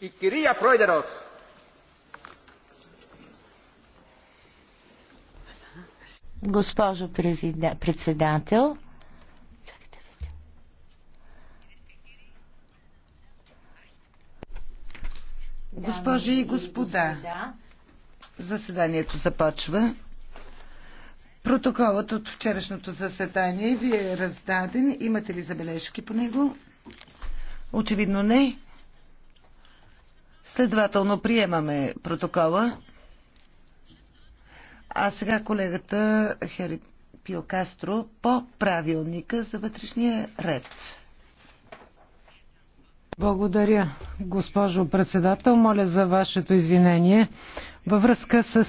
Η κυρία Πρόεδρος. Госпожо председател, госпожи и господа, заседанието започва. Протоколът от вчерашното заседание ви е раздаден. Имате ли забележки по него? Очевидно не. Следователно приемаме протокола. А сега колегата Хери Пио Кастро по правилника за вътрешния ред. Благодаря, госпожо председател. Моля за вашето извинение. Във връзка с